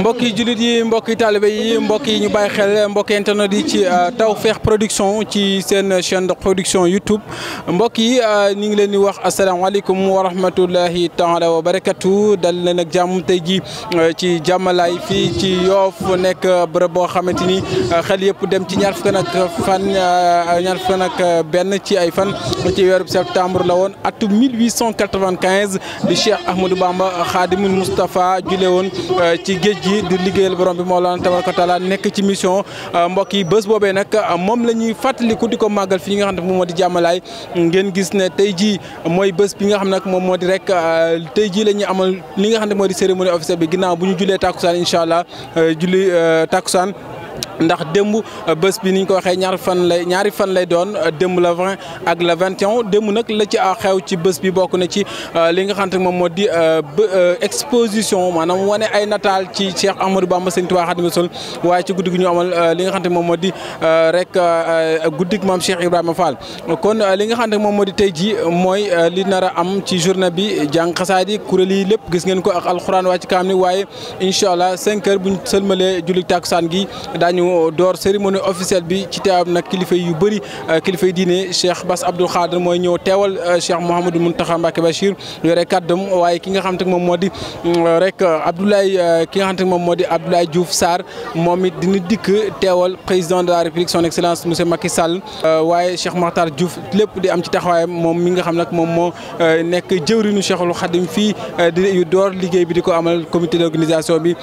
mbokki jullit yi mbokki taalibe yi mbokk yi ñu bàyyi xel mbokki internet yi ci euh, feex Production ci seen chaîne de production YouTube mbokk yi euh, ñu ngi leen di wax asalaamaaleykum wa rahmatulahi taala wa katu dal leen ak jàmm tey ji euh, ci jàmmalaay fii ci Yoof nekk bërëb boo xamante ni xel yëpp dem ci ñaar fukk nag fan ñaar fukk nag benn ci ay fan ci weeru septembre la woon atu 1895 di Cheikh Ahmadou Bamba Khadimul Moustapha jule woon ci géej gi di liggéeyal borom bi Mawlana tabaraka taala nekk ci mission euh, mbokk yi bés boobee nag euh, moom la ñuy fàttaliku di ko màggal fii nga xam ne moom moo di jàmmalaay ngeen gis ne tey jii mooy bés bi nga xam nag moom moo di rek euh, tey jii la ñuy amal li nga xam ne moo di cérémonie officielle bi ginnaaw bu ñu jullee tàkkusaan incha allah julli tàkkusaan ndax démb euh, bés bi ni ñu ko waxee ñaari fan lay ñaari fan lay doon euh, demb la 20 ak la 21 demb nag la ci a xew ci bés bi bokk na ci euh, li nga xam te moom moo di exposition maanaam wane ay nataal ci Cheikh Ahmadou Bamba Sëñ Tuubaa Xaadimu Rasuul waaye ci guddi gi ñu amal li nga xam te moom moo di rek guddi gi maam Cheikh Ibrahima Fall. kon li nga xam te moom moo di tey ji mooy li nar am ci journée bi jàng xasaat yi kuréel yi lépp gis ngeen ko ak alxuraan waa ci kaam ni waaye incha allah 5 bu ñu sëlmalee julli takkusaan gi ñu door cérémonie officielle bi ci teewam nag kilifa yu bëri euh, kilifa yi diine Cheikh Bass Abdou Khadre mooy ñëw teewal euh, Cheikh Mouhamadou Mountakha Mbacké Bachir yore kàddam waaye ki nga xam te moom moo di euh, rek Abdoulaye ki nga xam te moom moo di Abdoulaye Diouf Sarr moom it dina dikk teewal président de la République son excellence monsieur Macky Sall waaye Cheikh Makhtar Diouf lépp di am ci taxawaayam moom mi nga xam nag moom moo nekk jëwriñu Cheikhul Khadim fii di door liggéey bi di ko amal comité d'organisation bi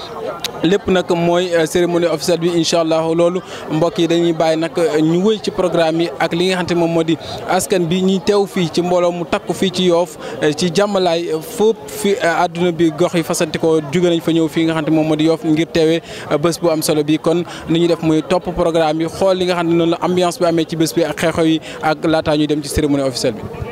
allah loolu mbokk yi dañuy bàyyi nag euh, ñu wëy ci programme yi ak li nga xam te moom moo di askan bi ñuy teew fii ci mbooloo mu takku fii ci yoof euh, ci jàmmalaay euh, fépp fi àdduna bi gox yi fasanti ko jóge nañ fa ñëw fii nga xam te moom moo di yoof ngir teewee bés bu am solo bi kon ni ñuy def muy topp programme yi xool li nga xam ne noonu la ambiance bi amee ci bés bi ak xeexoo yi ak laataa ñuy dem ci cérémonie officielle bi